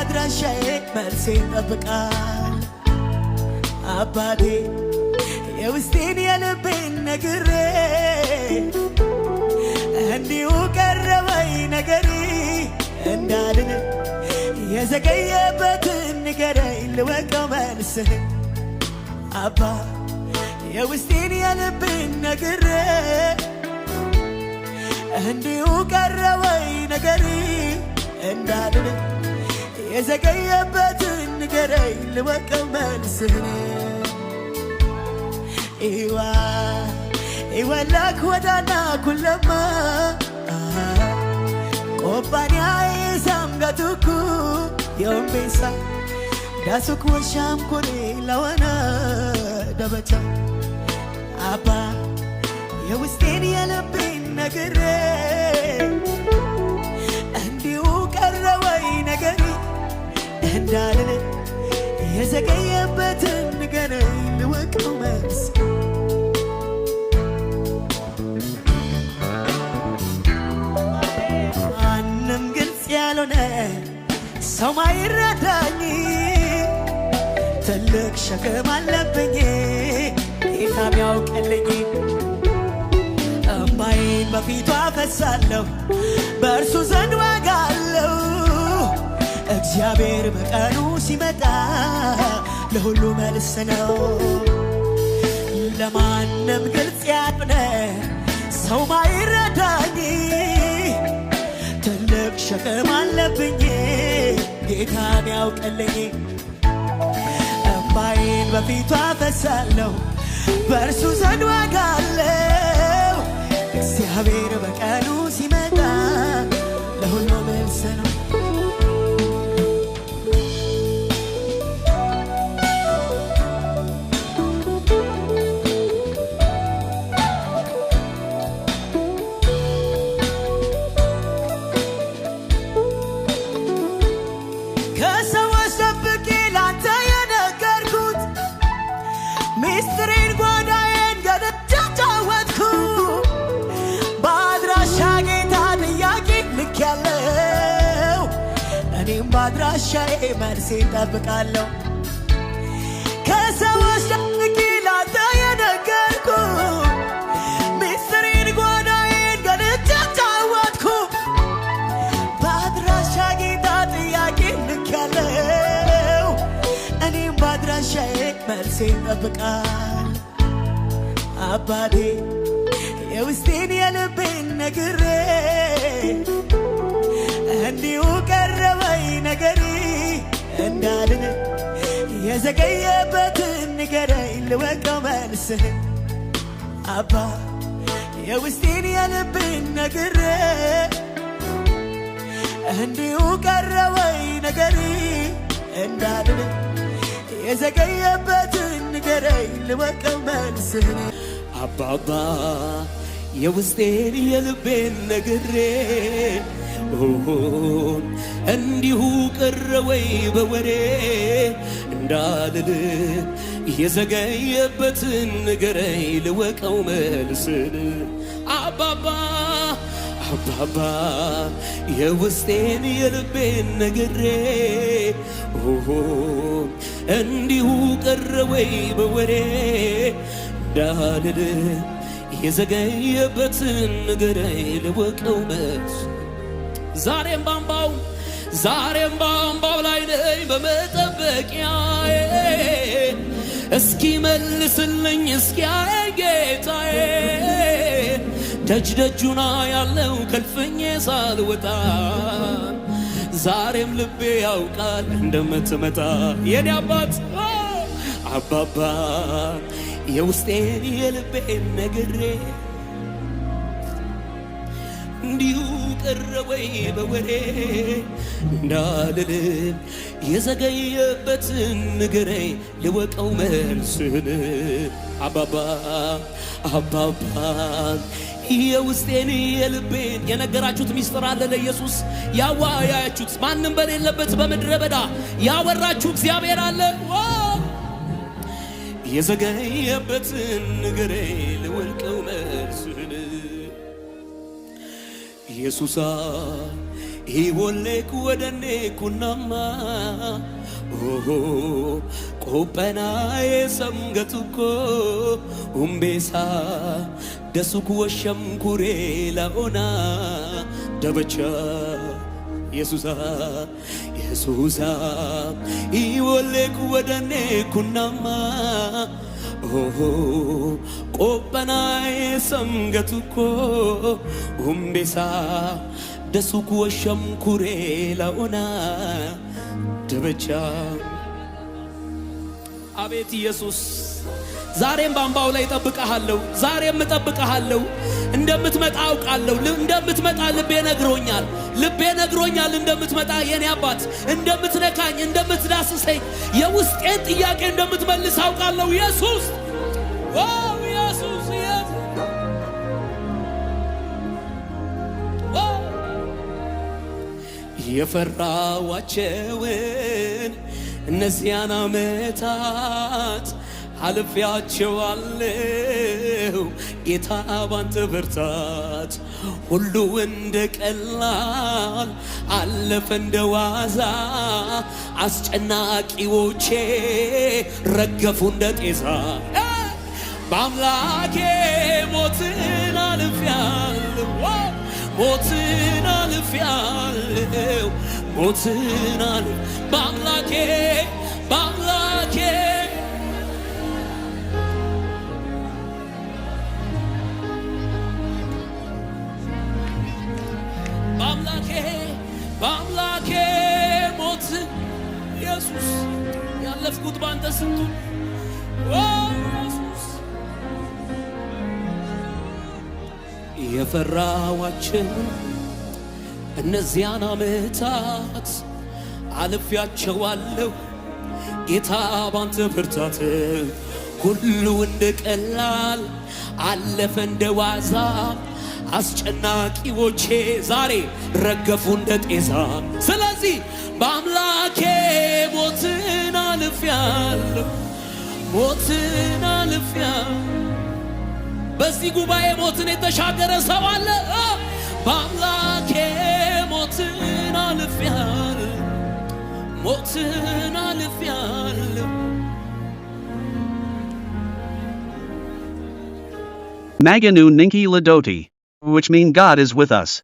አድራሻዬ መልሴ ይጠብቃል አባቴ የውስጤን የልቤን ነግሬ እንዲሁ ቀረበኝ ነገሪ እንዳልን የዘገየበትን ንገረኝ ልወቀው መልስህ አባ የውስጤን የልቤን ነግሬ እንዲሁ ቀረበኝ ነገሪ እንዳልን የዘገየበትን ንገረኝ ልወቀው መልስህን ኢዋ ኢወላክ ወዳና ኩለማ ቆባንያዬ ሳምጋቱኩ የወንቤሳ ዳሱክ ወሻም ኮኔ ለወነ ደበቻ አባ የውስጤን የልቤን ነግሬ ነህ የዘገየበትን ንገረኝ ልወቀው መልስ ማንም ግልጽ ያልሆነ ሰው ማይረዳኝ ትልቅ ሸክም አለብኝ ጌታ ቢያውቅልኝ እምባዬን በፊቱ አፈሳለሁ በእርሱ ዘንድ ዋጋ እግዚአብሔር በቀኑ ሲመጣ ለሁሉ መልስ ነው። ለማንም ግልጽ ያልሆነ ሰው ማይረዳኝ ትልቅ ሸክም አለብኝ ጌታ ያውቅልኝ። እምባዬን በፊቱ አፈሳለሁ በእርሱ ዘንድ ዋጋ አለው። እግዚአብሔር በቀኑ ሲመጣ ለሁሉ መልስ ነው። ከሰዎች ደብቄ ላንተ የነገርኩት ሚስጥሬን ጓዳዬን ገደጃ ጫወትኩ በአድራሻ ጌታ ጥያቄ ልክ ያለው እኔም በአድራሻዬ መልሴ እጠብቃለሁ። ከሰዎች ደብቄ ላንተ የነገርኩት መልሴ ይጠብቃል አባቴ የውስጤን የልቤን ነግሬ እንዲሁ ቀረበኝ ነገሪ እንዳልን የዘገየበትን ንገረኝ ልወቀው መልስህ አባ የውስጤን የልቤን ነግሬ እንዲሁ ቀረበኝ ነገሪ እንዳልን የዘገየበትን ንገረኝ ልወቀው መልስህን አባባ የውስጤን የልቤን ነግሬ እንዲሁ ቀረ ወይ በወሬ እንዳልል የዘገየበትን ንገረኝ ልወቀው መልስን አባባ አባባ የውስጤን የልቤን ነግሬ እንዲሁ ቀረወይ በወሬ ዳልል የዘገየበትን ንገረኝ ልወቀው መች ዛሬም ባምባው ዛሬም ባምባው ላይ ነኝ በመጠበቂያዬ እስኪ መልስልኝ እስኪ ጌታዬ ደጅ ደጁና ያለው ከልፍኜ ሳልወጣ ዛሬም ልቤ ያውቃል እንደምትመጣ የኔ አባት አባባ የውስጤን የልቤን ነግሬ እንዲሁ ቀረወይ በወሬ እንዳልልም የዘገየበትን ንገሬ ልወቀው መልስን አባባ አባባ ይህ የውስጤን የልቤን የነገራችሁት ሚስጥር አለ ለኢየሱስ ያወያያችሁት ማንም በሌለበት በምድረ በዳ ያወራችሁ እግዚአብሔር አለ። የዘገየበትን ንገረኝ ልወልቀው መርሱን ኢየሱሳ ይወሌኩ ወደኔ ኩናማ ቆጰና የሰምገቱኮ ኡምቤሳ ደሱኩ ወሸምኩሬ ለኦና ደበቻ የሱሳ የሱሳ ይወሌኩ ወደኔ ኩናማ ኦሆ ቆበናዬ ሰምገቱኮ ሁምቤሳ ደሱኩ ወሸምኩሬ ለኦና ደበቻ አቤት ኢየሱስ ዛሬም ባምባው ላይ እጠብቀሃለሁ። ዛሬም እጠብቀሃለሁ። እንደምትመጣ አውቃለሁ። እንደምትመጣ ልቤ ነግሮኛል። ልቤ ነግሮኛል እንደምትመጣ የኔ አባት፣ እንደምትነካኝ፣ እንደምትዳስሰኝ የውስጤን ጥያቄ እንደምትመልስ አውቃለሁ። ኢየሱስ ዋው! ኢየሱስ የፈራዋቸውን እነዚያን ዓመታት አልፌያቸዋለሁ ጌታ ባንተ ብርታት ሁሉ እንደ ቀላል አለፈ እንደ ዋዛ አስጨናቂዎቼ ረገፉ እንደ ጤዛ በአምላኬ ሞትን አልፌያለሁ ሞትን አልፌያለሁ ሞትን አል በአምላኬ በአምላኬ ሞት ኢየሱስ ያለፍኩት ባንተ ስንቱን ኢየሱስ የፈራዋችን እነዚያን ዓመታት አልፌያቸዋለሁ ጌታ ባንተ ብርታት ሁሉ እንደ ቀላል አለፈ እንደ ዋዛ አስጨናቂዎቼ ዛሬ ረገፉ እንደ ጤዛ። ስለዚህ በአምላኬ ሞትን አልፌያለሁ፣ ሞትን አልፌያለሁ። በዚህ ጉባኤ ሞትን የተሻገረ ሰው አለ? በአምላኬ ሞትን አልፌያለሁ፣ ሞትን አልፌያለሁ። Maganu Ninki Ladoti which mean God is with us.